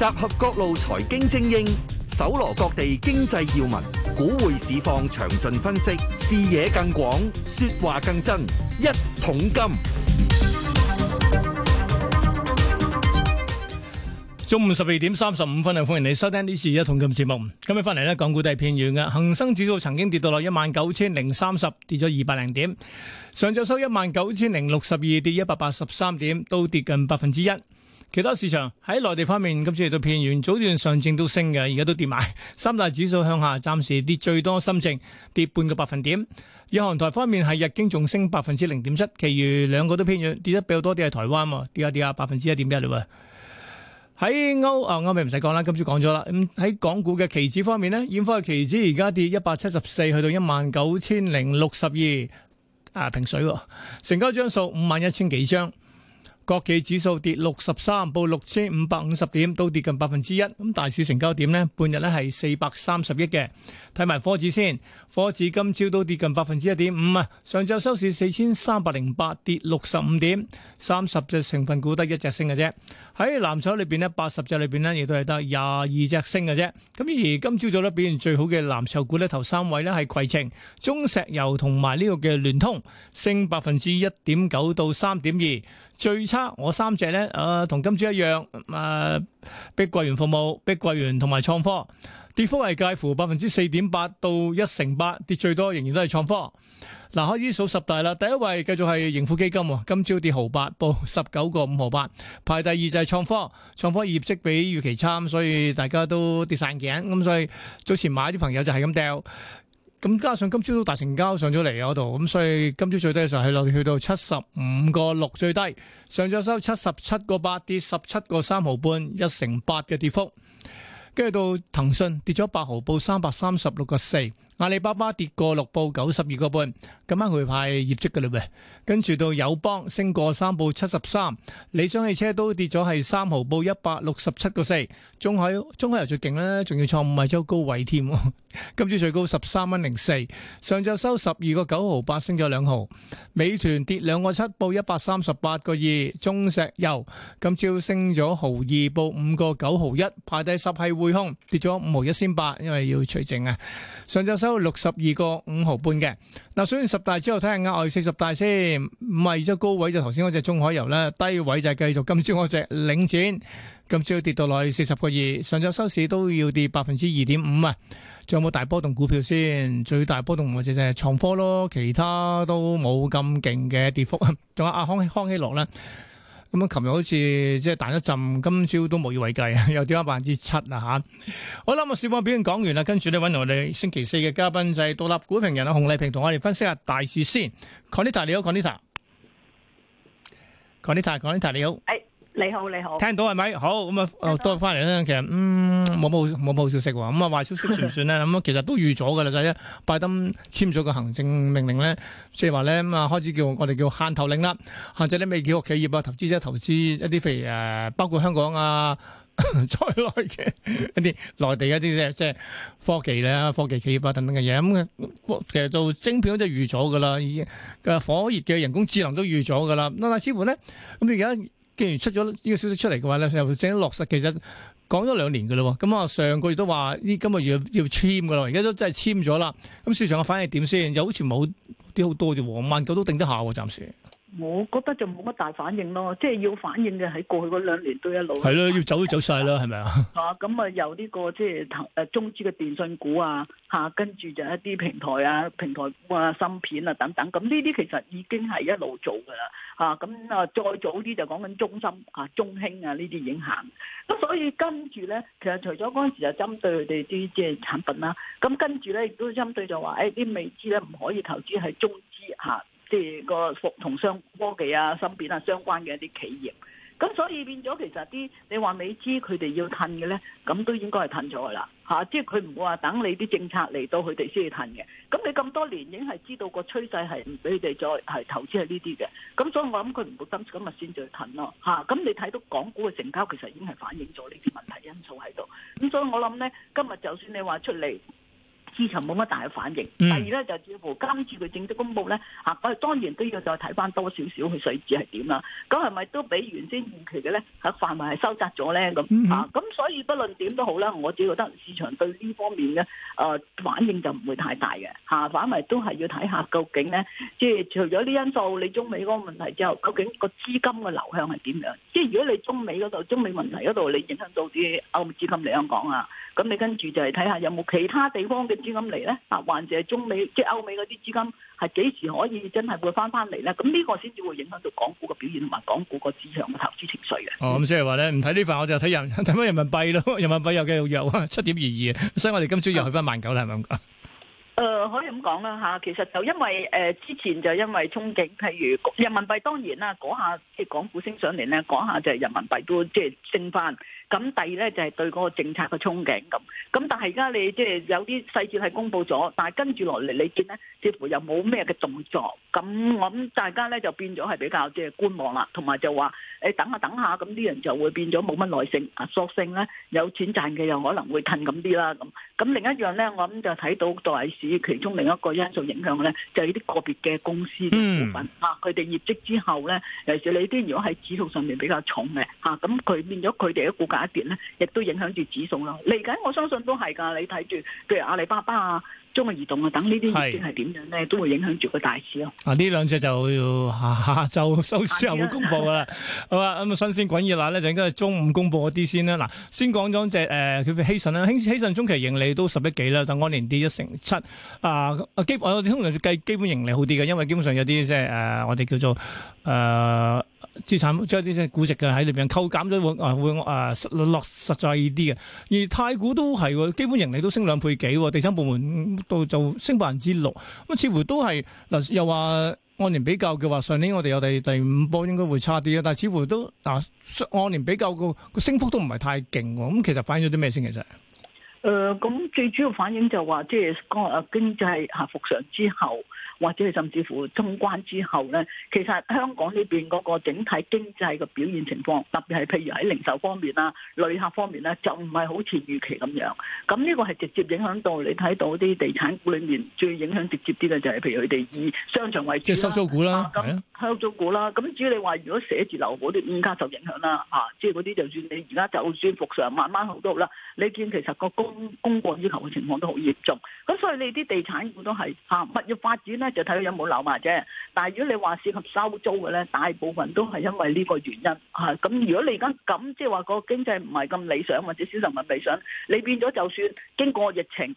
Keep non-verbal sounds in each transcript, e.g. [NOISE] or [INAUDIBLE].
集合各路財經精英，搜羅各地經濟要聞，股匯市況詳盡分析，視野更廣，說話更真。一桶金。中午十二點三十五分，歡迎你收聽《呢次一桶金》節目。今日翻嚟咧，港股都係偏軟嘅，恒生指數曾經跌到落一萬九千零三十，跌咗二百零點，上晝收一萬九千零六十二，跌一百八十三點，都跌近百分之一。其他市場喺內地方面，今次嚟到片源，早段上證都升嘅，而家都跌埋。三大指數向下，暫時跌最多深，深證跌半個百分點。日韓台方面係日經仲升百分之零點七，其餘兩個都偏軟，跌得比較多啲係台灣，跌下跌下，百分之一點一嘞。喺歐啊，歐美唔使講啦，今次講咗啦。咁、嗯、喺港股嘅期指方面咧，現貨期指而家跌一百七十四，去到一萬九千零六十二啊平水，成交張數五萬一千幾張。國企指數跌六十三，報六千五百五十點，都跌近百分之一。咁大市成交點呢，半日呢係四百三十億嘅。睇埋科指先，科指今朝都跌近百分之一點五啊。上晝收市四千三百零八，跌六十五點，三十隻成分股得一隻升嘅啫。喺藍籌裏邊呢，八十隻裏邊呢，亦都係得廿二隻升嘅啫。咁而今朝早呢表現最好嘅藍籌股呢，頭三位呢係携程、中石油同埋呢個嘅聯通，升百分之一點九到三點二，最差。我三隻咧啊，同今朝一樣誒，碧桂園服務、碧桂園同埋創科，跌幅係介乎百分之四點八到一成八，跌最多仍然都係創科。嗱，開始數十大啦，第一位繼續係盈富基金，今朝跌毫八，報十九個五毫八。排第二就係創科，創科業績比預期差，所以大家都跌散頸咁，所以早前買啲朋友就係咁掉。咁加上今朝都大成交上咗嚟嗰度，咁所以今朝最低嘅時候係去到七十五個六最低，上咗收七十七個八，跌十七個三毫半，一成八嘅跌幅。跟住到騰訊跌咗八毫，報三百三十六個四。阿里巴巴跌過六，報九十二個半，今晚佢派業績噶啦咩？跟住到友邦升過三，報七十三，理想汽車都跌咗係三毫，報一百六十七個四。中海中海油最勁咧，仲要創五周最高位添。今朝最高十三蚊零四，上晝收十二個九毫八，升咗兩毫。美團跌兩個七報一百三十八個二，中石油今朝升咗毫二報五個九毫一，排第十係匯控跌咗五毫一先八，因為要除淨啊。上晝收。都六十二個五毫半嘅，嗱，所以十大之後睇下額外四十大先，五位就高位就頭先嗰隻中海油啦，低位就繼續今朝嗰隻領展，今朝跌到落去四十個二，上晝收市都要跌百分之二點五啊！仲有冇大波動股票先？最大波動或者就係創科咯，其他都冇咁勁嘅跌幅，仲有阿康熙康希諾啦。咁啊！琴日好似即係彈咗一陣，今朝都無以為繼啊！又跌翻百分之七啦嚇！好啦，咁啊，市況表現講完啦，跟住咧揾到我哋星期四嘅嘉賓就係、是、獨立股評人啊，熊麗萍同我哋分析下大事先。Conita，你好，Conita，Conita，Conita，你好，係。Conita, Conita, Conita, 你好 hey. 你好，你好，聽到係咪？好，咁啊，多翻嚟啦。其實嗯，冇冇冇冇好消息喎。咁啊，壞消息算唔算咧。咁啊，其實都預咗㗎啦，就係拜登簽咗個行政命令咧，即係話咧咁啊，開始叫我哋叫限投令啦，限制啲美企企業啊、投資者投資一啲譬如誒，包括香港啊 [LAUGHS] 在內嘅一啲內地一啲即係即係科技咧、科技企業啊等等嘅嘢。咁其實到晶片都預咗㗎啦，已經嘅火熱嘅人工智能都預咗㗎啦。咁但係似乎咧，咁而家。既然出咗呢個消息出嚟嘅話咧，又正落實。其實講咗兩年喇喎。咁我上個月都話呢，今個月要要簽喇啦，而家都真係簽咗啦。咁市場嘅反應點先？又好似冇啲好多啫喎，萬九都定得下喎，暫時。我覺得就冇乜大反應咯，即係要反應嘅喺過去嗰兩年都一路係咯，要走都走晒啦，係咪啊？啊，咁啊有呢個即係誒中資嘅電信股啊，吓，跟住就一啲平台啊、平台股啊、芯片啊等等，咁呢啲其實已經係一路做噶啦，吓，咁啊再早啲就講緊中芯啊、中興啊呢啲已經行，咁所以跟住咧，其實除咗嗰陣時就針對佢哋啲即係產品啦，咁跟住咧亦都針對就話，誒啲未知咧唔可以投資喺中資吓。即係個服同商科技啊、芯片啊相關嘅一啲企業，咁所以變咗其實啲你話美資佢哋要褪嘅咧，咁都應該係褪咗噶啦嚇，即係佢唔會話等你啲政策嚟到佢哋先去褪嘅。咁你咁多年已經係知道個趨勢係唔俾你哋再係投資係呢啲嘅。咁所以我諗佢唔會等今日先再褪咯嚇。咁、吓、你睇到港股嘅成交其實已經係反映咗呢啲問題因素喺度。咁所以我諗咧，今日就算你話出嚟。市場冇乜大反應。第二咧就似乎今次嘅正式公布咧嚇，我當然都要再睇翻多少少佢水準係點啦。咁係咪都比原先預期嘅咧？嚇範圍係收窄咗咧？咁、嗯、啊咁所以，不論點都好啦，我自己覺得市場對呢方面嘅誒、啊、反應就唔會太大嘅嚇。反、啊、為都係要睇下究竟咧，即係除咗啲因素，你中美嗰個問題之後，究竟個資金嘅流向係點樣？即係如果你中美嗰度、中美問題嗰度，你影響到啲歐美資金嚟香港啊，咁你跟住就係睇下有冇其他地方嘅。資金嚟咧，啊，或者中美即係歐美嗰啲資金係幾時可以真係會翻翻嚟咧？咁呢個先至會影響到港股嘅表現同埋港股個市場嘅投資情緒嘅。哦，咁即係話咧，唔睇呢份我就睇人睇翻人民幣咯，人民幣又繼續弱，七點二二，所以我哋今朝又去翻萬九啦，係咪咁講？誒、呃，可以咁講啦吓，其實就因為誒、呃、之前就因為憧憬，譬如人民幣當然啦，嗰下即係港股升上嚟咧，嗰下就係人民幣都即係升翻。咁第二咧就係對嗰個政策嘅憧憬咁，咁但係而家你即係有啲細節係公布咗，但係跟住落嚟你見咧似乎又冇咩嘅動作，咁我諗大家咧就變咗係比較即係觀望啦，同埋就話誒、欸、等下等下，咁啲人就會變咗冇乜耐性啊，索性咧有錢賺嘅又可能會褪咁啲啦咁。咁另一樣咧我諗就睇到在市其中另一個因素影響咧，就係呢啲個別嘅公司嘅股份，佢哋業績之後咧，尤其是你啲如果喺指數上面比較重嘅，咁佢變咗佢哋嘅股價。一跌咧，亦都影響住指數咯。嚟緊我相信都係噶，你睇住，譬如阿里巴巴啊。中國移動啊，等這些是怎樣呢啲已經係點樣咧，都會影響住個大市咯。啊，呢兩隻就要、啊、下下晝收市後會公布噶啦。好啊，咁 [LAUGHS] 啊，新鮮滾熱辣咧，就應該係中午公布嗰啲先啦。嗱，先講咗隻誒，佢叫希慎啦，希希慎中期盈利都十一幾啦，等安年跌一成七啊。基我哋通常計基本盈利好啲嘅，因為基本上有啲即係誒，我哋叫做誒資、啊、產將啲即係估值嘅喺裏邊扣減咗、啊，會會誒落落實在啲嘅。而太古都係基本盈利都升兩倍幾，地產部門。到就升百分之六，咁似乎都係嗱，又話按年比較嘅話，上年我哋有第第五波應該會差啲啊，但係似乎都嗱，按年比較個個升幅都唔係太勁，咁其實反映咗啲咩先其實？誒、呃，咁最主要反映就話、是，即係剛誒經濟復常之後，或者甚至乎通關之後咧，其實香港呢邊嗰個整體經濟嘅表現情況，特別係譬如喺零售方面啊、旅客方面啦，就唔係好似預期咁樣。咁呢個係直接影響到你睇到啲地產股裏面最影響直接啲嘅，就係譬如佢哋以商場為主即係收租股啦，啊、收租股啦。咁至於你話如果寫字樓嗰啲更加受影響啦、啊，即係嗰啲就算你而家就算復常，慢慢好都好啦，你見其實個高。供過於求嘅情況都好嚴重，咁所以你啲地產股都係嚇，物業發展咧就睇到有冇樓賣啫。但係如果你話涉及收租嘅咧，大部分都係因為呢個原因嚇。咁如果你而家咁即係話個經濟唔係咁理想，或者少數唔理想，你變咗就算經過疫情。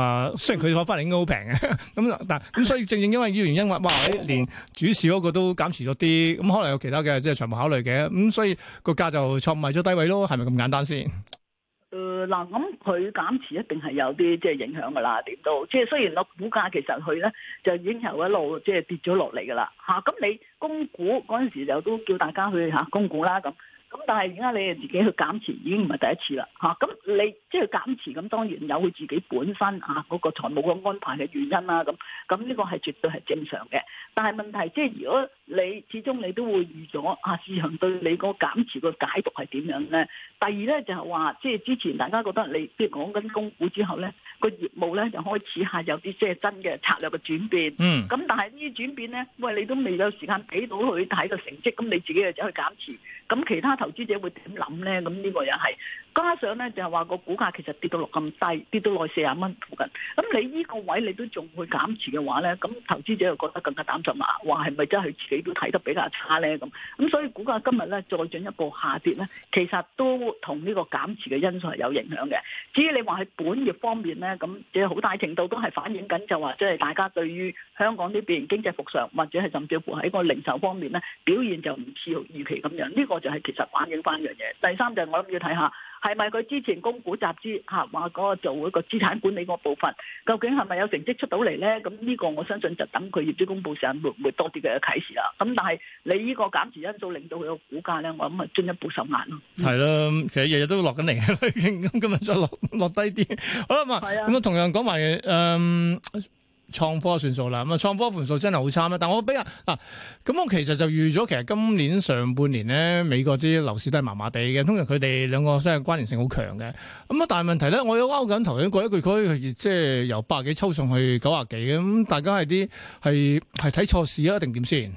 啊，雖然佢睇翻嚟應該好平嘅，咁但係咁所以正正因為呢個原因話，哇，連主市嗰個都減持咗啲，咁可能有其他嘅，即係全部考慮嘅，咁所以個價就挫埋咗低位咯，係咪咁簡單先？誒，嗱，咁佢減持一定係有啲即係影響噶啦，點都，即係雖然個股價其實佢咧就已經由一路即係跌咗落嚟噶啦，吓，咁你供股嗰陣時就都叫大家去吓供股啦，咁。咁但係而家你自己去減持已經唔係第一次啦，吓，咁你即係減持咁當然有佢自己本身啊嗰個財務嘅安排嘅原因啦，咁咁呢個係絕對係正常嘅。但係問題即係如果你始終你都會預咗啊志恒對你個減持個解讀係點樣咧？第二咧就係話即係之前大家覺得你即係講緊公股之後咧，個業務咧就開始係有啲即係真嘅策略嘅轉變，咁、嗯、但係呢啲轉變咧，喂你都未有時間俾到佢睇個成績，咁你自己又走去減持，咁其他投資者會點諗咧？咁呢個又係加上咧，就係話個股價其實跌到落咁低，跌到落四十蚊附近，咁你呢個位你都仲去減持嘅話咧，咁投資者又覺得更加擔心啊！話係咪真係佢自己都睇得比較差咧？咁咁所以股價今日咧再進一步下跌咧，其實都同呢個減持嘅因素係有影響嘅。至於你話喺本業方面咧，咁即係好大程度都係反映緊，就話即係大家對於香港呢邊經濟復常，或者係甚至乎喺個零售方面咧表現就唔似預期咁樣，呢個就係其實反映翻一樣嘢。第三就係我諗要睇下。係咪佢之前供股集資嚇話嗰個做一個資產管理嗰部分，究竟係咪有成績出到嚟咧？咁呢個我相信就等佢業績公佈時，會唔會多啲嘅啟示啦。咁但係你呢個減持因素令到佢個股價咧，我諗咪進一步受壓咯。係啦、啊，其實日日都落緊嚟，咁今日就落落低啲。好啦，咁啊，咁啊，同樣講埋誒。呃創科算數啦，咁啊創科盤數真係好差咧。但我俾啊，咁我其實就預咗，其實今年上半年咧，美國啲樓市都係麻麻地嘅，通常佢哋兩個真係關聯性好強嘅。咁啊，但係問題咧，我有勾緊頭先講一句，可以即係由百幾抽上去九廿幾嘅，咁大家係啲係係睇錯市啊，一定點先？誒、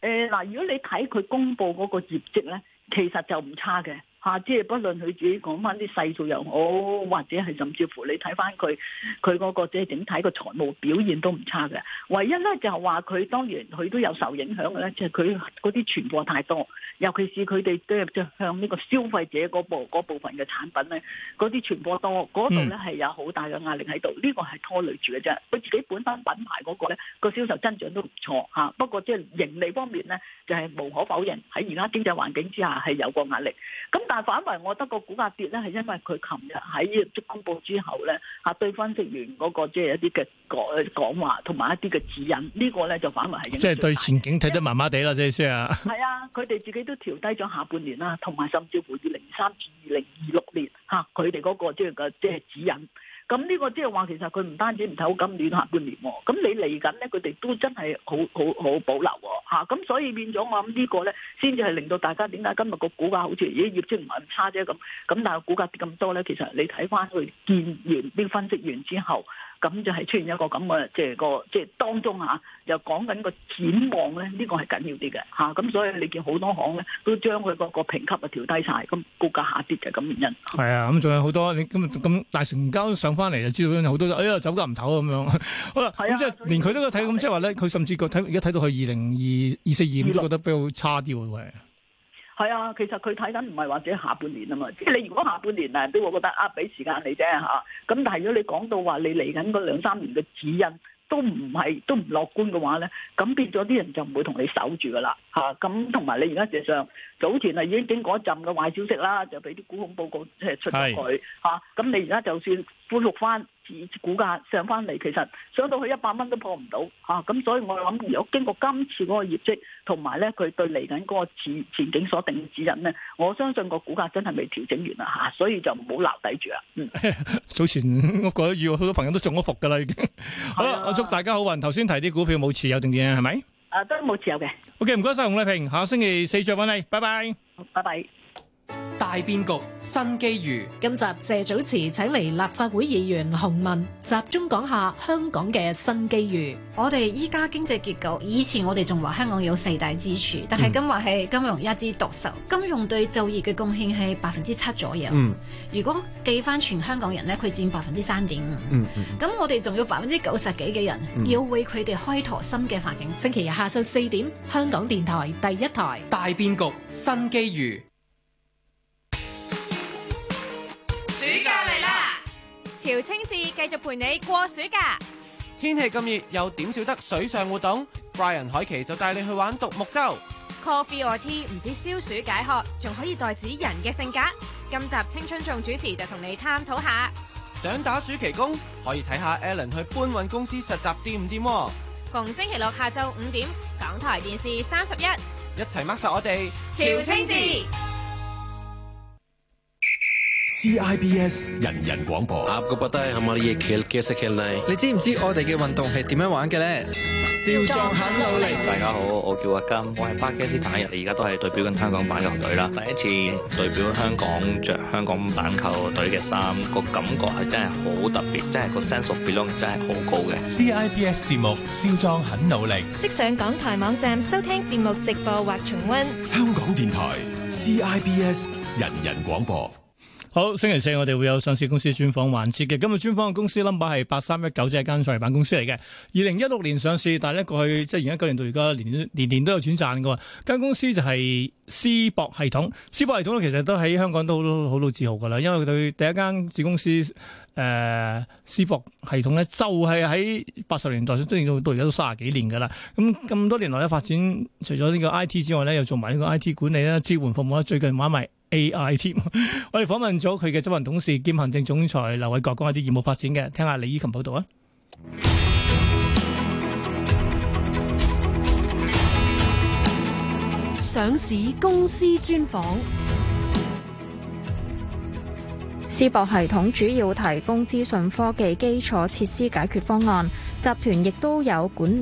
呃、嗱，如果你睇佢公布嗰個業績咧，其實就唔差嘅。嚇！即係不論佢自己講翻啲細數又好，或者係甚至乎你睇翻佢，佢嗰個即係整體個財務表現都唔差嘅。唯一咧就係話佢當然佢都有受影響嘅咧，即係佢嗰啲存貨太多，尤其是佢哋嘅即向呢個消費者嗰部嗰部分嘅產品咧，嗰啲存貨多嗰度咧係有好大嘅壓力喺度。呢、呢個係拖累住嘅啫。佢自己本身品牌嗰、嗰個咧、嗰個銷售增長都唔錯嚇，不過即係盈利方面咧就係、係、無可否認喺而家經濟環境之下係有個壓力。咁但反為我覺得個股價跌咧，係因為佢琴日喺出公佈之後咧，對分析員嗰個即係一啲嘅講話，同埋一啲嘅指引，呢、這個咧就反為係。即係對前景睇得麻麻地啦，即係先啊！係啊，佢 [LAUGHS] 哋自己都調低咗下半年啦，同埋甚至乎二零三至二零二六年佢哋嗰個即即係指引。咁呢個即係話，其實佢唔單止唔睇好今年下半年喎、啊。咁你嚟緊咧，佢哋都真係好好好保留喎、啊，咁、啊、所以變咗我諗呢個咧先至係令到大家點解今日個股價好似咦業績唔係咁差啫、啊、咁？咁但係股價跌咁多咧，其實你睇翻佢見完邊分析完之後。咁就係出現一個咁嘅，即係個即係當中嚇，又講緊個展望咧，呢、呢個係緊要啲嘅嚇。咁、啊、所以你見好多行咧，都將佢個個評級啊調低晒，咁股價下跌嘅咁原因。係啊，咁仲有好多你咁咁大成交上翻嚟就知道好多，哎呀走得唔唞咁樣。 [LAUGHS] 好啦，咁、啊、即係連佢都睇，咁即係話咧，佢甚至個睇而家睇到佢二零二二四二五都覺得比較差啲喎，喂係啊，其實佢睇緊唔係或者下半年啊嘛，即係你如果下半年誒，都我覺得間啊俾時間你啫嚇。咁但係如果你講到話你嚟緊嗰兩三年嘅指引都唔係都唔樂觀嘅話咧，咁變咗啲人就唔會同你守住噶啦嚇。咁同埋你而家事實上早前啊，已經經過一陣嘅壞消息啦，就俾啲股控報告誒出咗佢嚇。咁、啊、你而家就算恢復翻。自股價上翻嚟，其實上到去一百蚊都破唔到，吓咁所以我諗，如果經過今次嗰個業績同埋咧，佢對嚟緊嗰個前前景所定指引咧，我相信個股價真係未調整完啦吓，所以就唔好留底住啦。嗯，早前我講要好多朋友都中咗伏噶啦，已經好啦，我祝大家好運。頭先提啲股票冇持有定點係咪？誒，都冇持有嘅。O K，唔該晒熊麗萍，下個星期四再揾你，拜拜，拜拜。大變局，新機遇。今集謝祖慈請嚟立法會議員洪文，集中講下香港嘅新機遇。我哋依家經濟結構，以前我哋仲話香港有四大支柱，但係今日係金融一枝獨秀。金融對就業嘅貢獻係百分之七左右。嗯，如果計翻全香港人咧，佢佔百分之三點五。嗯，咁我哋仲有百分之九十幾嘅人、嗯、要為佢哋開拓新嘅發展。星期日下晝四點，香港電台第一台。大變局，新機遇。姚清智繼續陪你過暑假。天氣咁熱又點少得水上活動？Brian 海琪就帶你去玩獨木舟。Coffee or tea 唔止消暑解渴，仲可以代指人嘅性格。今集青春頌主持就同你探討下。想打暑期工可以睇下 Alan 去搬運公司實習掂唔掂？逢星期六下晝五點，港台電視三十一，一齊 mark 實我哋。姚清智。CIBS 人人廣播你知不知是。你知唔知我哋嘅運動係點樣玩嘅咧？少壯很努力。大家好，我叫阿金，我係巴基斯坦人，而家都係代表緊香港板球隊啦。第一次代表香港着香港板球隊嘅衫，個感覺係真係好特別，真係個 sense of belonging 真係好高嘅。CIBS 節目少壯很努力。即上港台網站收聽節目直播或重溫。香港電台 CIBS 人人廣播。好，星期四我哋會有上市公司專訪環節嘅。今日專訪嘅公司 number 係八三一九，即係間創業板公司嚟嘅。二零一六年上市，但係咧過去即係而家九年到而家年年年都有錢賺噶。間公司就係思博系統，思 S-Bork 博系統咧其實都喺香港都好老字號噶啦，因為佢對第一間子公司誒思博系統咧就係喺八十年代到現在都到到而家都三十幾年噶啦。咁咁多年來嘅發展，除咗呢個 I T 之外咧，又做埋呢個 I T 管理啦、支援服務啦，最近玩埋。A.I. team，我哋訪問咗佢嘅執行董事兼行政總裁劉偉國，講下啲業務發展嘅，聽下李依琴報道啊！上市公司專訪，思博系統主要提供資訊科技基礎設施解決方案，集團亦都有管理。